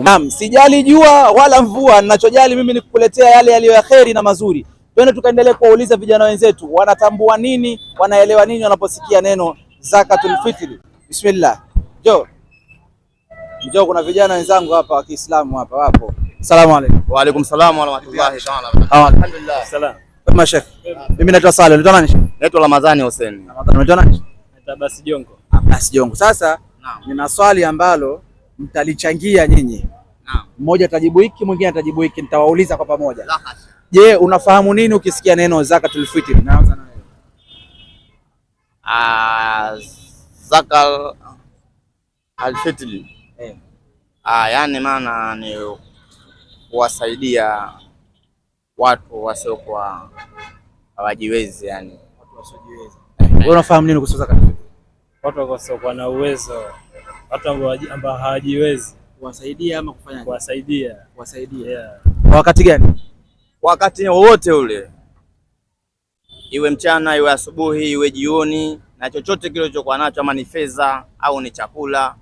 Naam, sijali jua wala mvua, ninachojali mimi ni kukuletea yale yaliyo ya kheri na mazuri. Twende tukaendelee kuwauliza vijana wenzetu wanatambua nini, wanaelewa nini wanaposikia neno zakatul fitri. Bismillah, jo jo, kuna vijana wenzangu hapa wa Kiislamu hapa wapo. Asalamu alaykum. Wa alaykum salaam wa rahmatullahi ta'ala. Alhamdulillah. Salam. Kama Sheikh. Mimi naitwa Saleh. Unaitwa nani? Naitwa Ramadhani Hussein. Ramadhani, unaitwa nani? Naitwa Basi Jongo. Ah, Basi Jongo. Sasa nina swali ambalo mtalichangia nyinyi, Naam. mmoja atajibu hiki, mwingine atajibu hiki, nitawauliza kwa pamoja. Je, unafahamu nini ukisikia neno zakatul fitri? Naanza na wewe. Ah, zakal alfitri eh, ah, yani maana ni kuwasaidia watu wasiokuwa hawajiwezi, yani watu wasiojiweza. Wewe unafahamu nini kuhusu zakatul fitri? Watu wasiokuwa na uwezo watu ambao hawajiwezi kuwasaidia ama kufanya kuwasaidia kuwasaidia, yeah. Kwa wakati gani? Wakati wowote ule, iwe mchana, iwe asubuhi, iwe jioni, na chochote kile ulichokuwa nacho, ama ni fedha au ni chakula,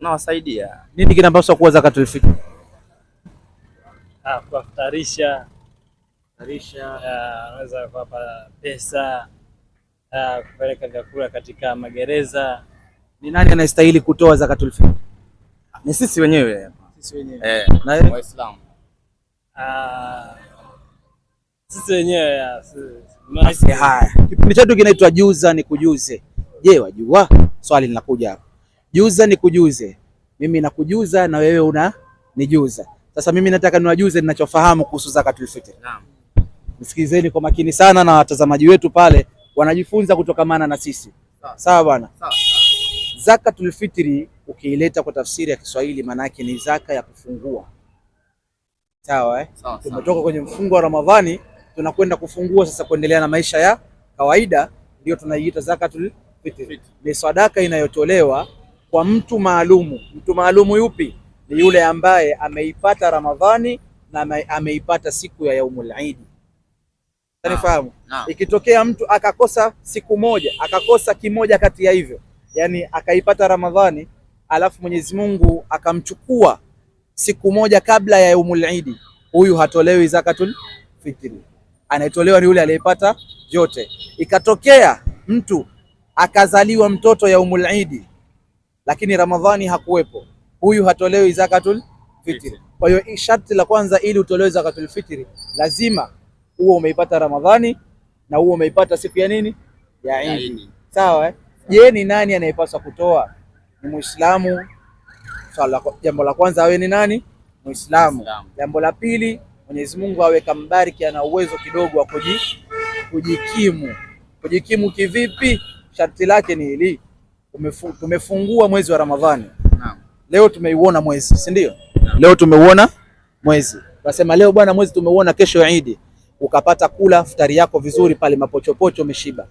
unawasaidia. Nini kinapaswa kuwa zakatul fitr? Ah, kuwafutarisha, anaweza ah, kuwapa pesa, ah, kupeleka vyakula katika magereza ni nani anastahili kutoa zakatul fitr? Ni sisi wenyewe. Sisi wenyewe. Eh, na Waislamu. Ah. Sisi wenyewe. Haya. Kipindi chetu kinaitwa Juza ni kujuze. Je, wajua? Swali linakuja hapa. Juza ni kujuze. Mimi nakujuza na wewe una nijuza. Sasa mimi nataka niwajuze ninachofahamu kuhusu zakatul fitr. Naam. Msikizeni kwa makini sana na watazamaji wetu pale wanajifunza kutokamana na sisi. Sawa bwana? Sawa. Zakatul fitri ukiileta kwa tafsiri ya Kiswahili maana yake ni zaka ya kufungua. Sawa eh? Tumetoka kwenye mfungo wa Ramadhani tunakwenda kufungua sasa, kuendelea na maisha ya kawaida, ndio tunaiita zakatul fitri. Ni sadaka inayotolewa kwa mtu maalumu. Mtu maalumu yupi? Ni yule ambaye ameipata Ramadhani na ameipata siku ya yaumul Eid. Nifahamu, ah, ikitokea mtu akakosa siku moja, akakosa kimoja kati ya hivyo yani akaipata Ramadhani alafu Mwenyezi Mungu akamchukua siku moja kabla ya Yaumul Idi, huyu hatolewi zakatul fitri, anayetolewa ni yule aliyepata vyote. Ikatokea mtu akazaliwa mtoto Yaumul Idi, lakini Ramadhani hakuwepo, huyu hatolewi zakatul fitri. Kwa hiyo sharti la kwanza ili utolewe zakatul fitri, lazima uwe umeipata Ramadhani na uwe umeipata siku ya nini ya Idi, sawa eh? Je, ni nani anayepaswa kutoa? Ni Muislamu. jambo la kwanza awe ni nani? Muislamu. Jambo la pili, Mwenyezi Mungu awe kambariki, ana uwezo kidogo wa kujikimu. Kujikimu kivipi? Sharti lake ni hili, tumefungua mwezi wa Ramadhani naam. Leo tumeuona mwezi, si ndio? Leo tumeuona mwezi, nasema leo bwana, mwezi tumeuona, kesho Idi, ukapata kula futari yako vizuri pale mapochopocho, umeshiba,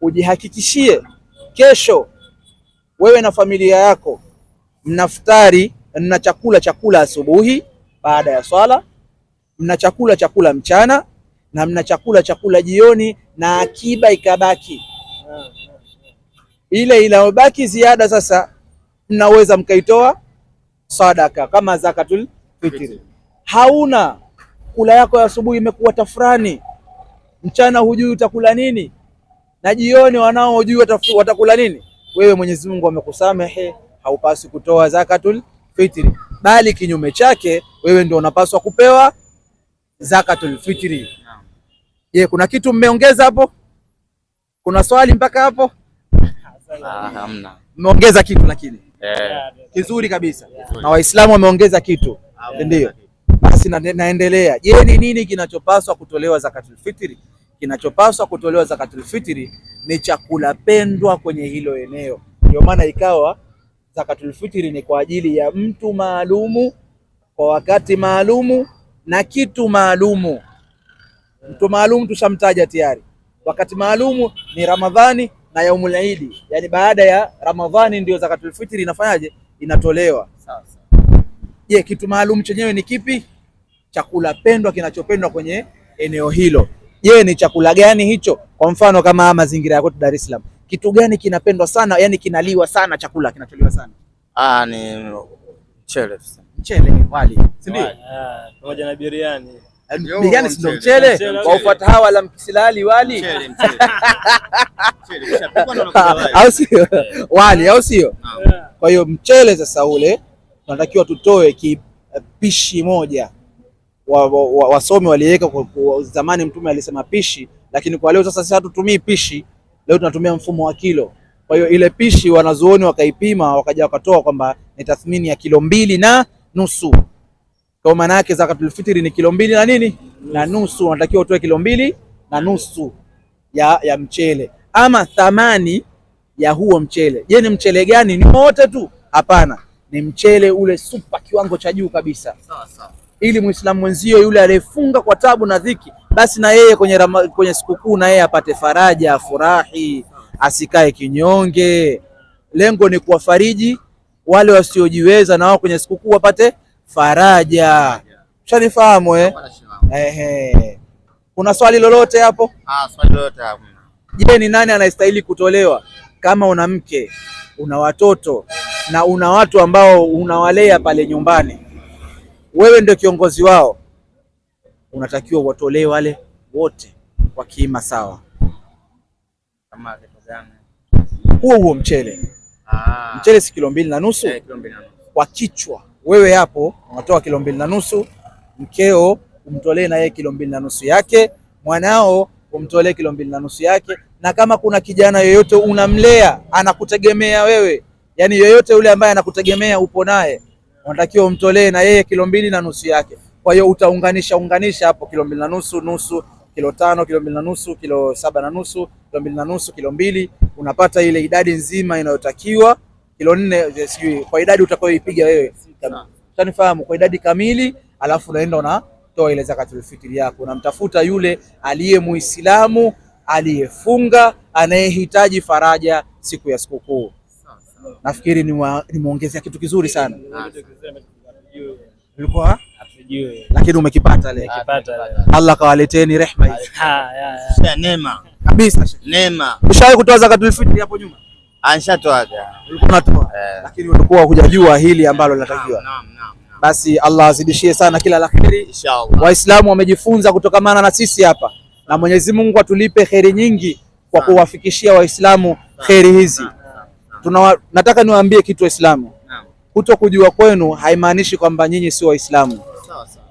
ujihakikishie kesho wewe na familia yako mnaftari, mna chakula chakula asubuhi baada ya swala, mna chakula chakula mchana na mna chakula chakula jioni, na akiba ikabaki ile inayobaki ziada, sasa mnaweza mkaitoa sadaka kama zakatul fitri. Hauna kula yako ya asubuhi imekuwa tafurani, mchana hujui utakula nini, na jioni wanaojua watakula nini. Wewe Mwenyezi Mungu amekusamehe, haupasi kutoa zakatul fitri, bali kinyume chake wewe ndio unapaswa kupewa zakatul fitri. Je, kuna kitu mmeongeza hapo? Kuna swali mpaka hapo? Ah, hamna. Mmeongeza kitu lakini yeah. Kizuri kabisa yeah. Na Waislamu wameongeza kitu yeah. Ndio basi na, naendelea. Je, ni nini kinachopaswa kutolewa zakatul fitri? kinachopaswa kutolewa zakatul fitri ni chakula pendwa kwenye hilo eneo. Ndio maana ikawa zakatul fitri ni kwa ajili ya mtu maalumu kwa wakati maalumu na kitu maalumu. Mtu maalumu tushamtaja tayari. Wakati maalumu ni Ramadhani na yaumul idi, yani baada ya Ramadhani ndio zakatul fitri inafanyaje? Inatolewa. Sasa je, kitu maalumu chenyewe ni kipi? Chakula pendwa kinachopendwa kwenye eneo hilo. Je, ni chakula gani hicho? Kwa mfano kama mazingira ya kwetu Dar es Salaam, kitu gani kinapendwa sana, yani kinaliwa sana, chakula kinacholiwa sana? Ah, ni mchele. Mchele, wali, si ndio? Ah, pamoja na biriani. Eh, biriani si ndio mchele? Kwa hawa la mkisilali wali. Au sio? Wali, au sio? Kwa hiyo mchele sasa ule tunatakiwa tutoe kipishi moja wasomi wa, wa waliweka zamani. Mtume alisema pishi, lakini kwa leo sasa sisi hatutumii pishi, leo tunatumia mfumo wa kilo. Kwa hiyo ile pishi wanazuoni wakaipima wakaja wakatoa kwamba ni tathmini ya kilo mbili na nusu. Kwa maana yake zakatul fitri ni kilo mbili na nini na nusu, unatakiwa utoe kilo mbili na nusu ya, ya mchele ama thamani ya huo mchele. Je, ni mchele gani? Ni wote tu? Hapana, ni mchele ule super kiwango cha juu kabisa. Sawa sawa ili Muislamu mwenzio yule aliyefunga kwa tabu na dhiki, basi na yeye kwenye, kwenye sikukuu na yeye apate faraja, afurahi, asikae kinyonge. Lengo ni kuwafariji wale wasiojiweza, na wao kwenye sikukuu wapate faraja. ushanifahamu eh? Ehe. Kuna swali lolote hapo? Ah, swali lolote hapo. Je, ni nani anastahili kutolewa? Kama una mke, una watoto na una watu ambao unawalea pale nyumbani wewe ndio kiongozi wao, unatakiwa watolee wale wote kwa kima sawa, huo huo mchele. Aa, ah. mchele si eh, kilo mbili na nusu kwa kichwa. Wewe hapo unatoa kilo mbili na nusu mkeo umtolee na yeye kilo mbili na nusu yake, mwanao umtolee kilo mbili na nusu yake. Na kama kuna kijana yoyote unamlea anakutegemea wewe, yani yoyote yule ambaye anakutegemea upo naye unatakiwa umtolee na yeye kilo mbili na nusu yake. Kwa hiyo utaunganisha unganisha hapo kilo mbili na nusu nusu, kilo tano, kilo mbili na nusu, kilo saba na nusu, kilo mbili na nusu, kilo mbili, unapata ile idadi nzima inayotakiwa kilo nne, eh, sijui kwa idadi utakayoipiga wewe, utanifahamu kwa idadi kamili, alafu unaenda unatoa ile zakatul fitri yako, unamtafuta yule aliye Muislamu aliyefunga anayehitaji faraja siku ya sikukuu nafikiri nimeongezea kitu kizuri sana ilikuwa lakini umekipata leo. Allah kawaleteni rehma hizi. Neema. Kabisa. Neema. Ushawahi kutoa zakatul fitri hapo nyuma? Nishatoa. Ulikuwa unatoa. Eh. Lakini ulikuwa hujajua hili ambalo linatakiwa. Naam, naam. Basi Allah azidishie sana kila la kheri. Inshallah. Waislamu wamejifunza kutokamana na sisi hapa na Mwenyezi Mungu atulipe kheri nyingi kwa kuwafikishia Waislamu kheri hizi. Tuna, nataka niwaambie kitu Waislamu, kuto kujua kwenu haimaanishi kwamba nyinyi sio Waislamu.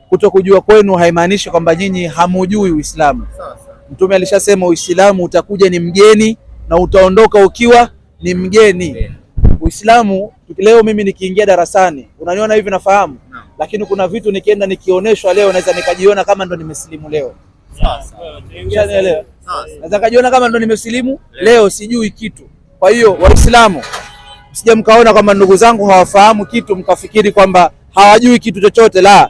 Kuto kujua kwenu haimaanishi kwamba nyinyi hamujui Uislamu. Mtume alishasema Uislamu utakuja ni mgeni na utaondoka ukiwa ni mgeni. Uislamu leo mimi nikiingia darasani unaniona hivi nafahamu, lakini kuna vitu nikienda nikionyeshwa leo naweza nikajiona kama ndo nimesilimu leo. Sasa naweza nikajiona kama ndo nimesilimu leo, sijui kitu kwa hiyo Waislamu, msije mkaona kwamba ndugu zangu hawafahamu kitu mkafikiri kwamba hawajui kitu chochote, la,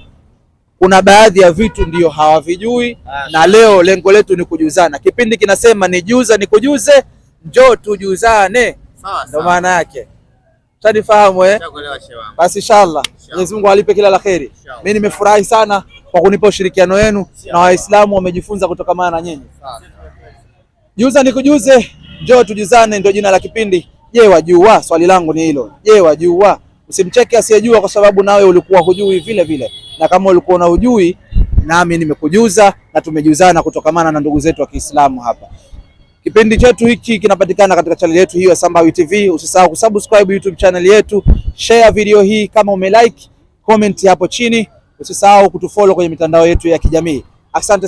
kuna baadhi ya vitu ndiyo hawavijui, na leo lengo letu ni kujuzana. Kipindi kinasema nijuza nikujuze, njoo tujuzane, ndio maana yake. Tanifahamu eh? Basi inshallah, Mwenyezi Mungu alipe kila la kheri. Mimi nimefurahi sana kwa kunipa ushirikiano wenu na Waislamu wamejifunza kutokana na nyinyi. Juza nikujuze Njoo tujizane, ndio jina la kipindi. Je, wajua? Swali langu ni hilo. Je, wajua? Usimcheke asiyejua, kwa sababu nawe ulikuwa hujui vile vile, na kama ulikuwa na hujui, nami nimekujuza na tumejuzana kutokamana na ndugu zetu wa Kiislamu hapa. Kipindi chetu hiki kinapatikana katika chaneli yetu hiyo ya Sambawi TV. Usisahau kusubscribe YouTube channel yetu, share video hii kama umelike, comment hapo chini. Usisahau kutufollow kwenye mitandao yetu ya kijamii. Asante sana.